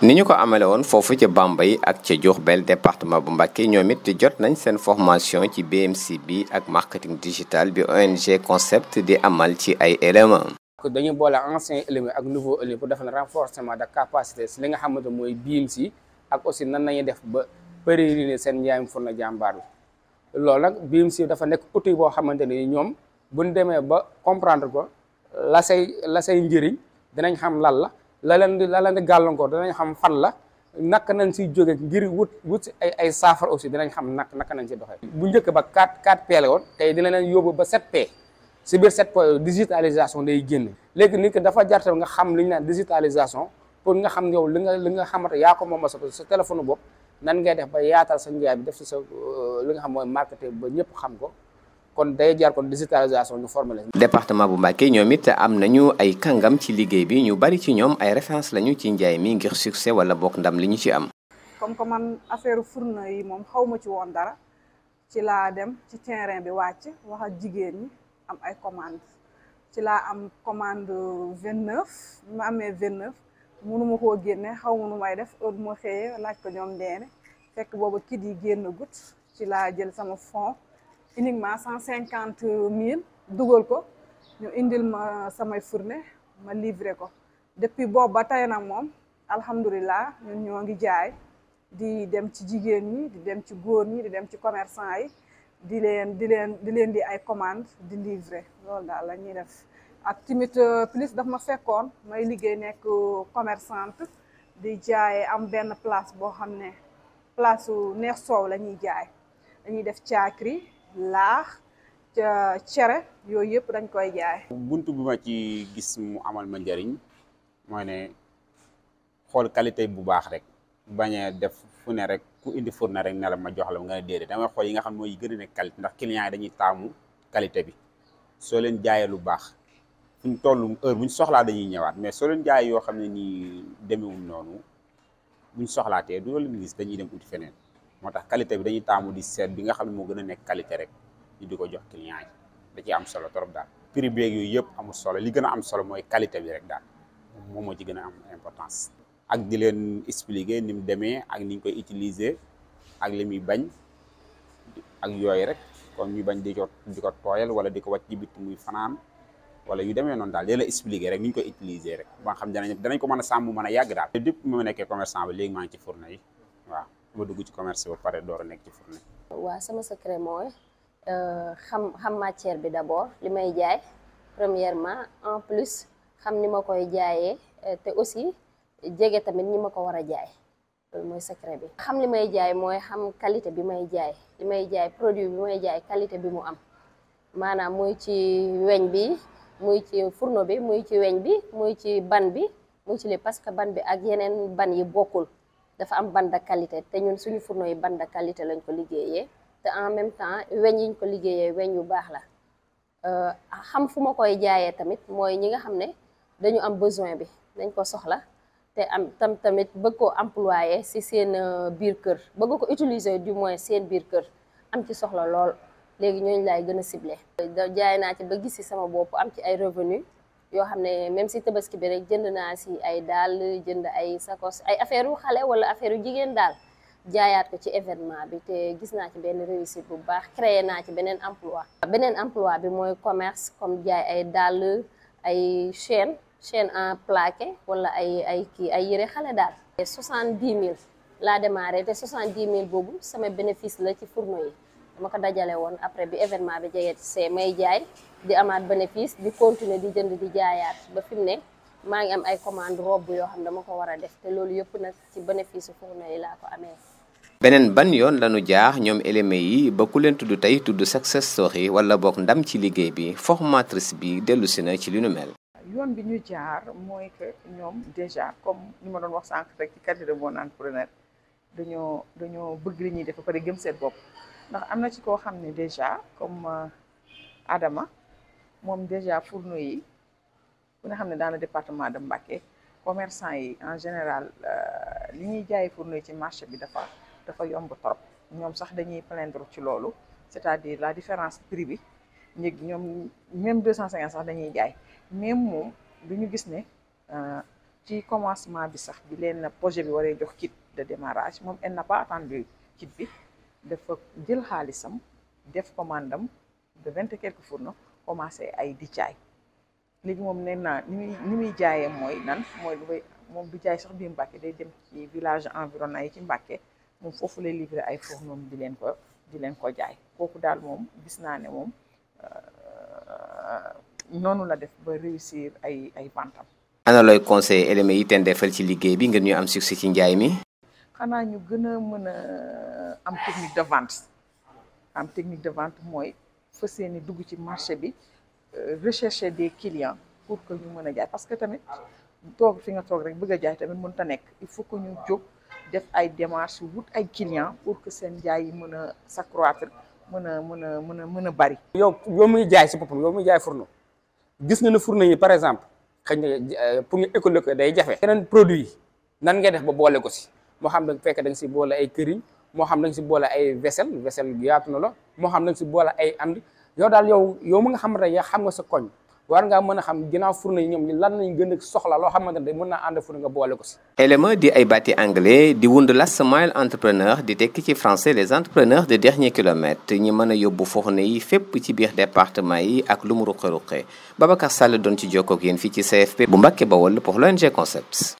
ni ñu ko amale woon foofu ca bambay ak ca Diourbel département bu Mbacké ñoom it jot nañ seen formation ci BMC bi ak marketing digital bi ONG Concept di amal ci ay éléments. dañu boole anciens éléments ak nouveaux éléments pour defal renforcement de capacité si li nga xamanta mooy BMC ak aussi nan nañuy def ba péréniner seen njaayam fourne jàmbaar bi loolu nag BMC dafa nekk outil boo xamante ni ñoom bu demee ba comprendre ko la say la njëriñ dinañ xam lan la. la leen di la leen gàllankoor danañ xam fan la naka nañ siy jóge ngir wut wut si ay saafara aussi danañ xam nak naka nañ si doxee. bu njëkk ba 4 4P la woon tey dina leen yóbbu ba 7P si biir 7P digitalisation day génn léegi nit ki dafa jartal nga xam li ñu naan digitalisation pour nga xam yow li nga li nga xamante yaa ko moom sa sa téléphone bopp nan ngay def ba yaatal sa njaay bi def si sa euh, li nga xam mooy marketing ba ñëpp xam ko. kon day jaar kon digitalisation ñu former leen. département bu Mbacké ñoom it am nañu ay kangam ci liggéey bi ñu bari ci ñoom ay référence lañu ci njaay mi ngir succès wala bokk ndam li ñu ci am. comme que man affaire furna yi moom xawma ci woon dara ci laa dem ci terrain bi wàcc wax ak jigéen ñi am ay commande ci laa am commande vingt neuf mu amee vingt neuf mënuma koo génne xaw ma nu may def heure bu ma laaj ko ñoom deene fekk boobu kit yi génn gut ci laa jël sama fond. uniquement cent cinquante mille dugal ko ñu indil ma samay fourne ma livré ko depuis boobu ba tey nag moom alhamdulilah ñun ñoo ngi jaay di dem ci jigéen ñi di dem ci góor ñi di dem ci commerçant yi di leen di leen di leen di ay commande di livrer loolu daal la ñuy def ak tamit euh, plus daf ma fekkoon may liggéey nekk commerçante di jaay am benn place boo xam ne place su neex soow la ñuy jaay dañuy def caakri laax ca cere yooyu yëpp dañ koy jaay. bunt bi ma ci gis mu amal ma njariñ mooy ne xool qualité bu baax rek bañ a def fu ne rek ku indi fourne rek ne la ma jox la nga ne déedéet damay xool yi nga xam mooy gën a nekk qualité ndax client yi dañuy taamu qualité bi soo leen jaayee lu baax fuñ toll heure buñ soxlaa dañuy ñëwaat mais soo leen jaayee yoo xam ne nii demewul noonu buñ soxlaatee du loolu gis dañuy dem uti feneen. motax qualité bi dañuy tamu di set bi nga xamne mo gëna nek qualité rek ñu di ko jox client yi da ci am solo torop daal prix bi ak yooyu yëpp amul solo li gëna am solo moy qualité bi rek daal moom moo ci gëna am importance ak di len expliquer nim démé ak ni ñu koy utiliser ak limi bañ ak yoy rek comme ñu bañ di jot di ko tooyal wala di ko wàcc ci bit muy fanaan wala yu démé non daal di la expliquer rek ni ñu koy utiliser rek ba xam dañ danañ ko mëna a mëna yag a yàgg daal. lépp mu nekké commerçant ba légui ma ngi ci fourne yi waaw ba dugg ci commerce ba paré door nek ci fourné wa sama secret euh xam xam matière bi d'abord limay jaay premièrement en plus xam ni ma koy jaayee euh, te aussi djégé tamit ni ma ko war jaay loolu mooy secret bi. xam limay jaay moy xam qualité bi may jaay limay jaay produit bi may jaay qualité bi mu am manam moy ci weñ bi moy ci fourno bi moy ci weñ bi moy ci ban bi moy ci li parce que ban bi ak yenen ban yi bokul dafa am bande de qualité te ñun suñu fourneau yi bande de qualité lañ ko liggéeyee te en même temps weñ yiñ ko liggéeyee weñ yu baax la euh, xam fu ma koy jaayee tamit mooy ñi nga xam ne dañu am besoin bi dañ ko soxla te am tam tamit bëgg ko employé si seen euh, biir kër bëgg ko utiliser du moins seen biir kër am ci soxla lool léegi ñooñu laay gën a ciblé. jaay naa ci ba gis si sama bopp am ci ay revenu yoo xam ne même si tabaski bi rek jënd naa si ay daal jënd ay sakos ay affaire yu xale wala affaire yu jigéen daal jaayaat ko ci événement bi te gis naa ci benn réussit bu baax créé naa ci beneen emploi beneen emploi bi mooy commerce comme jaay ay dàll ay chaîne chaine en plaqué wala ay ay kii ay yére xale daal soixante-dix mille laa démarré te soixante-dix mille boobu sama bénéfice la ci fourneau yi ma ko dajale won après bi événement bi jeyet c'est may jaay di amat bénéfice di continuer di jënd di jaayat ba fi mu ne ngi am ay commande robb yo xam dama ko wara def té loolu yëpp nak ci bénéfice fourne yi laa ko amé benen ban yoon lañu jaax ñom élémé yi ba ku leen tuddu tay tuddu success story wala bok ndam ci liggéey bi formatrice bi delu ci na ci li ñu mel. yoon bi ñu jaar moy que ñom déjà comme ñu ma doon wax sank rek ci quartier de bon entrepreneur dañoo dañoo bëgg li ñi def ko pare gëm seen bop ndax amna ci ko xamne ne déjà comme euh, Adama mom déjà fourno yi ku ne xamne dans le département de Mbacké commerçant yi en général euh, li ñi jaay fourno ci marché bi dafa dafa yomb trop ñom sax dañuy plaindre ci lolu c'est-à-dire la différence prix bi ñi ñom même 250 sax dañuy jaay même mom duñu gis ne euh, ci commencement bi sax bi len projet bi waré jox kit de démarrage mom elle n'a pas attendu kit bi dafa jël xaalisam def commande de vingt et quelques na commencé ay di jaay léegi moom nee naa ni muy ni muy jaayee mooy nan mooy lu koy moom du jaay sax biir Mbàkke day dem ci village environnant yi ci Mbàkke moom foofu lay livrer ay fourneaux di leen ko di leen ko jaay kooku daal moom gis naa ne moom euh, noonu la def ba réussir ay ay bantam ana looy conseil éléments yi teen defal ci liggéey bi ngeen ñu am succès ci njaay mi xanaa ñu gën a am technique de vente am technique de vente moy fas yéene dugg ci marché bi euh, rechercher des clients pour que ñu mëna jaay parce que tamit tok fi nga tok rek bëgg jaay tamit mën ta nekk il faut que ñu jóg def ay démarches wut ay clients pour que seen jaay yi mën a s'accroître mëna mëna mëna a bari. yow yow muy jaay ci boppam yow muy jaay fourneau gis nga ne fourneau yi par exemple xëy euh, pour ñu école ko day jafe. yeneen produit nan nga def ba boole ko si moo xam ne fekk fekkee da nga si boole ay këriñ moo xam nañ si boole ay vaisselle vaisselle yaatu na la moo xam nañ si boole ay and yow daal yow yow mu nga xamante ne xam nga sa koñ war ngaa mën xam ginnaaw fourne yi lan lañ gën a soxla loo xamante ne mën naa ànd fourne nga boole ko si élément di ay bati anglais di wund last mile entrepreneur di tekki ci français les entrepreneurs de dernier kilomètre ñi mën a yóbbu fourne yi fépp ci biir département yi ak lu Babacar Sall doon ci jokkoo ak ci CFP bu Mbàkke Bawol pour l'ONG Concepts